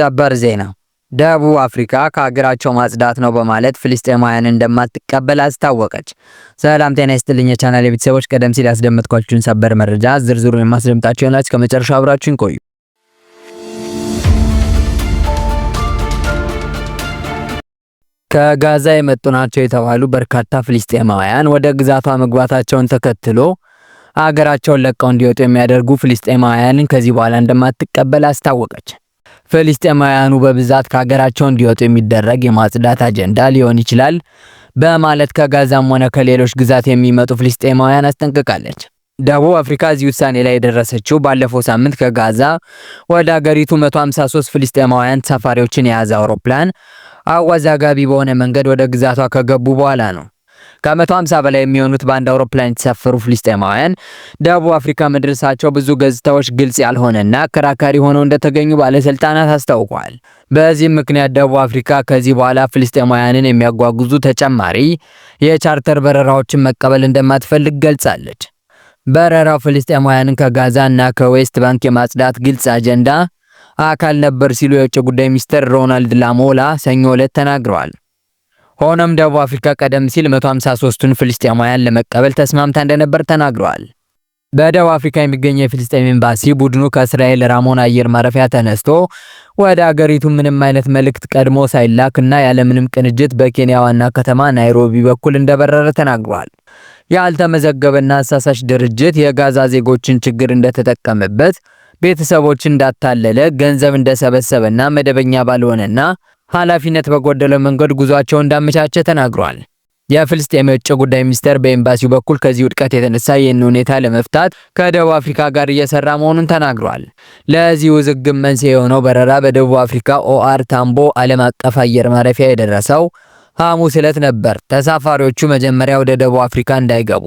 ሰበር ዜና ደቡብ አፍሪካ ከሀገራቸው ማጽዳት ነው በማለት ፍልስጤማውያን እንደማትቀበል አስታወቀች። ሰላም ጤና ይስጥልኝ የቻናል የቤተሰቦች፣ ቀደም ሲል ያስደመጥኳችሁን ሰበር መረጃ ዝርዝሩን የማስደምጣችሁ ይሆናል። እስከ መጨረሻ አብራችሁን ቆዩ። ከጋዛ የመጡ ናቸው የተባሉ በርካታ ፍልስጤማውያን ወደ ግዛቷ መግባታቸውን ተከትሎ አገራቸውን ለቀው እንዲወጡ የሚያደርጉ ፍልስጤማውያንን ከዚህ በኋላ እንደማትቀበል አስታወቀች። ፍልስጤማውያኑ በብዛት ከሀገራቸው እንዲወጡ የሚደረግ የማጽዳት አጀንዳ ሊሆን ይችላል በማለት ከጋዛም ሆነ ከሌሎች ግዛት የሚመጡ ፍልስጤማውያን አስጠንቅቃለች። ደቡብ አፍሪካ እዚህ ውሳኔ ላይ የደረሰችው ባለፈው ሳምንት ከጋዛ ወደ አገሪቱ 153 ፍልስጤማውያን ተሳፋሪዎችን የያዘ አውሮፕላን አወዛጋቢ በሆነ መንገድ ወደ ግዛቷ ከገቡ በኋላ ነው። ከመቶ 150 በላይ የሚሆኑት በአንድ አውሮፕላን የተሳፈሩ ፍልስጤማውያን ደቡብ አፍሪካ መድረሳቸው ብዙ ገጽታዎች ግልጽ ያልሆነና አከራካሪ ሆነው እንደተገኙ ባለስልጣናት አስታውቋል። በዚህም ምክንያት ደቡብ አፍሪካ ከዚህ በኋላ ፍልስጤማውያንን የሚያጓጉዙ ተጨማሪ የቻርተር በረራዎችን መቀበል እንደማትፈልግ ገልጻለች። በረራው ፍልስጤማውያንን ከጋዛ እና ከዌስት ባንክ የማጽዳት ግልጽ አጀንዳ አካል ነበር ሲሉ የውጭ ጉዳይ ሚኒስትር ሮናልድ ላሞላ ሰኞ ዕለት ተናግረዋል። ሆኖም ደቡብ አፍሪካ ቀደም ሲል 153ቱን ፍልስጤማውያን ለመቀበል ተስማምታ እንደነበር ተናግረዋል። በደቡብ አፍሪካ የሚገኘው የፍልስጤም ኤምባሲ ቡድኑ ከእስራኤል ራሞን አየር ማረፊያ ተነስቶ ወደ አገሪቱ ምንም አይነት መልእክት ቀድሞ ሳይላክና ያለምንም ቅንጅት በኬንያ ዋና ከተማ ናይሮቢ በኩል እንደበረረ ተናግሯል። ያልተመዘገበና አሳሳሽ ድርጅት የጋዛ ዜጎችን ችግር እንደተጠቀመበት ቤተሰቦችን እንዳታለለ ገንዘብ እንደሰበሰበና መደበኛ ባልሆነና ኃላፊነት በጎደለ መንገድ ጉዟቸው እንዳመቻቸ ተናግሯል። የፍልስጤም የውጭ ጉዳይ ሚኒስቴር በኤምባሲው በኩል ከዚህ ውድቀት የተነሳ ይህን ሁኔታ ለመፍታት ከደቡብ አፍሪካ ጋር እየሰራ መሆኑን ተናግሯል። ለዚህ ውዝግብ መንስኤ የሆነው በረራ በደቡብ አፍሪካ ኦአር ታምቦ ዓለም አቀፍ አየር ማረፊያ የደረሰው ሐሙስ ዕለት ነበር። ተሳፋሪዎቹ መጀመሪያ ወደ ደቡብ አፍሪካ እንዳይገቡ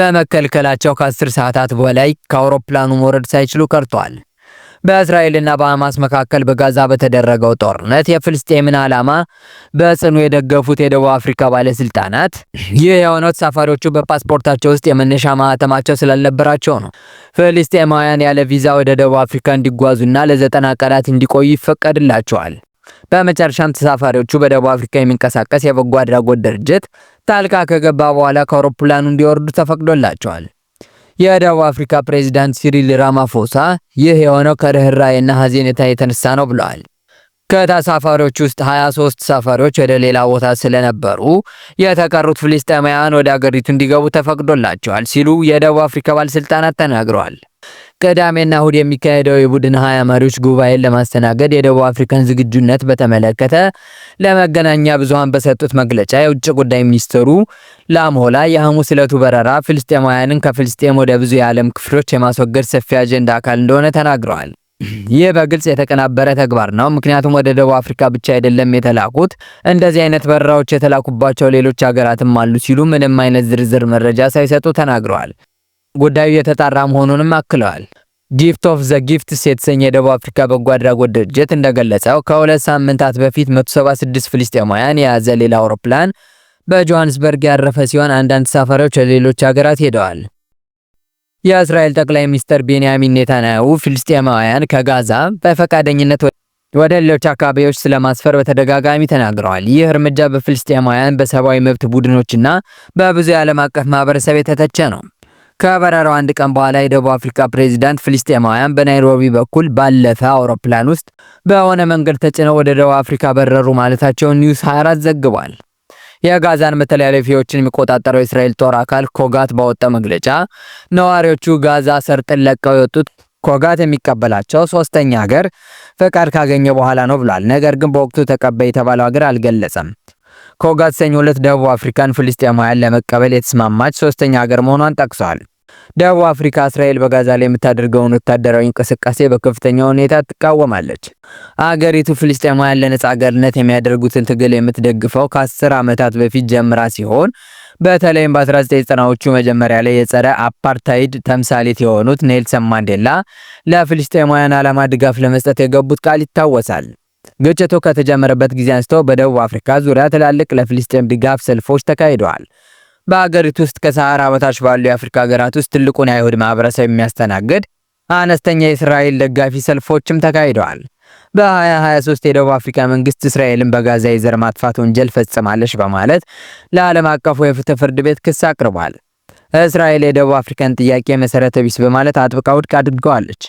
በመከልከላቸው ከአስር ሰዓታት በላይ ከአውሮፕላኑ መውረድ ሳይችሉ ቀርቷል። በእስራኤልና በሐማስ መካከል በጋዛ በተደረገው ጦርነት የፍልስጤምን ዓላማ በጽኑ የደገፉት የደቡብ አፍሪካ ባለስልጣናት ይህ የሆነው ተሳፋሪዎቹ በፓስፖርታቸው ውስጥ የመነሻ ማህተማቸው ስላልነበራቸው ነው። ፍልስጤማውያን ያለ ቪዛ ወደ ደቡብ አፍሪካ እንዲጓዙና ለዘጠና ቀናት እንዲቆዩ ይፈቀድላቸዋል። በመጨረሻም ተሳፋሪዎቹ በደቡብ አፍሪካ የሚንቀሳቀስ የበጎ አድራጎት ድርጅት ጣልቃ ከገባ በኋላ ከአውሮፕላኑ እንዲወርዱ ተፈቅዶላቸዋል። የደቡብ አፍሪካ ፕሬዚዳንት ሲሪል ራማፎሳ ይህ የሆነው ከርኅራኄና ሐዘኔታ የተነሳ ነው ብለዋል። ከተሳፋሪዎች ውስጥ 23 ተሳፋሪዎች ወደ ሌላ ቦታ ስለነበሩ የተቀሩት ፍልስጤማውያን ወደ አገሪቱ እንዲገቡ ተፈቅዶላቸዋል ሲሉ የደቡብ አፍሪካ ባለሥልጣናት ተናግረዋል። ቅዳሜና እሁድ የሚካሄደው የቡድን ሀያ መሪዎች ጉባኤን ለማስተናገድ የደቡብ አፍሪካን ዝግጁነት በተመለከተ ለመገናኛ ብዙሃን በሰጡት መግለጫ የውጭ ጉዳይ ሚኒስትሩ ላምሆላ የሐሙስ ዕለቱ በረራ ፍልስጤማውያንን ከፍልስጤም ወደ ብዙ የዓለም ክፍሎች የማስወገድ ሰፊ አጀንዳ አካል እንደሆነ ተናግረዋል። ይህ በግልጽ የተቀናበረ ተግባር ነው፣ ምክንያቱም ወደ ደቡብ አፍሪካ ብቻ አይደለም የተላኩት፣ እንደዚህ አይነት በረራዎች የተላኩባቸው ሌሎች ሀገራትም አሉ ሲሉ ምንም አይነት ዝርዝር መረጃ ሳይሰጡ ተናግረዋል። ጉዳዩ የተጣራ መሆኑንም አክለዋል። ጊፍት ኦፍ ዘ ጊፍትስ የተሰኘ የደቡብ አፍሪካ በጎ አድራጎት ድርጅት እንደገለጸው ከሁለት ሳምንታት በፊት 176 ፍልስጤማውያን የያዘ ሌላ አውሮፕላን በጆሃንስበርግ ያረፈ ሲሆን አንዳንድ ተሳፋሪዎች ለሌሎች ሀገራት ሄደዋል። የእስራኤል ጠቅላይ ሚኒስትር ቤንያሚን ኔታንያሁ ፍልስጤማውያን ከጋዛ በፈቃደኝነት ወደ ሌሎች አካባቢዎች ስለማስፈር በተደጋጋሚ ተናግረዋል። ይህ እርምጃ በፍልስጤማውያን በሰብአዊ መብት ቡድኖችና በብዙ የዓለም አቀፍ ማህበረሰብ የተተቸ ነው። ከበረራው አንድ ቀን በኋላ የደቡብ አፍሪካ ፕሬዚዳንት ፍልስጤማውያን በናይሮቢ በኩል ባለፈ አውሮፕላን ውስጥ በሆነ መንገድ ተጭነው ወደ ደቡብ አፍሪካ በረሩ ማለታቸውን ኒውስ 24 ዘግቧል። የጋዛን መተላለፊያዎችን የሚቆጣጠረው የእስራኤል ጦር አካል ኮጋት ባወጣ መግለጫ ነዋሪዎቹ ጋዛ ሰርጥን ለቀው የወጡት ኮጋት የሚቀበላቸው ሶስተኛ ሀገር ፈቃድ ካገኘ በኋላ ነው ብሏል። ነገር ግን በወቅቱ ተቀባይ የተባለው ሀገር አልገለጸም። ኮጋት ሰኞ ዕለት ደቡብ አፍሪካን ፍልስጤማውያን ለመቀበል የተስማማች ሶስተኛ ሀገር መሆኗን ጠቅሷል። ደቡብ አፍሪካ እስራኤል በጋዛ ላይ የምታደርገውን ወታደራዊ እንቅስቃሴ በከፍተኛ ሁኔታ ትቃወማለች። አገሪቱ ፍልስጤማውያን ለነጻ አገርነት የሚያደርጉትን ትግል የምትደግፈው ከ10 ዓመታት በፊት ጀምራ ሲሆን በተለይም በ1990ዎቹ መጀመሪያ ላይ የጸረ አፓርታይድ ተምሳሌት የሆኑት ኔልሰን ማንዴላ ለፍልስጤማውያን ዓላማ ድጋፍ ለመስጠት የገቡት ቃል ይታወሳል። ግጭቱ ከተጀመረበት ጊዜ አንስቶ በደቡብ አፍሪካ ዙሪያ ትላልቅ ለፍልስጤም ድጋፍ ሰልፎች ተካሂደዋል። በአገሪቱ ውስጥ ከሰሃራ በታች ባሉ የአፍሪካ ሀገራት ውስጥ ትልቁን የአይሁድ ማህበረሰብ የሚያስተናግድ አነስተኛ የእስራኤል ደጋፊ ሰልፎችም ተካሂደዋል። በ2023 የደቡብ አፍሪካ መንግስት እስራኤልን በጋዛ የዘር ማጥፋት ወንጀል ፈጽማለች በማለት ለዓለም አቀፉ የፍትህ ፍርድ ቤት ክስ አቅርቧል። እስራኤል የደቡብ አፍሪካን ጥያቄ መሰረተ ቢስ በማለት አጥብቃ ውድቅ አድርገዋለች።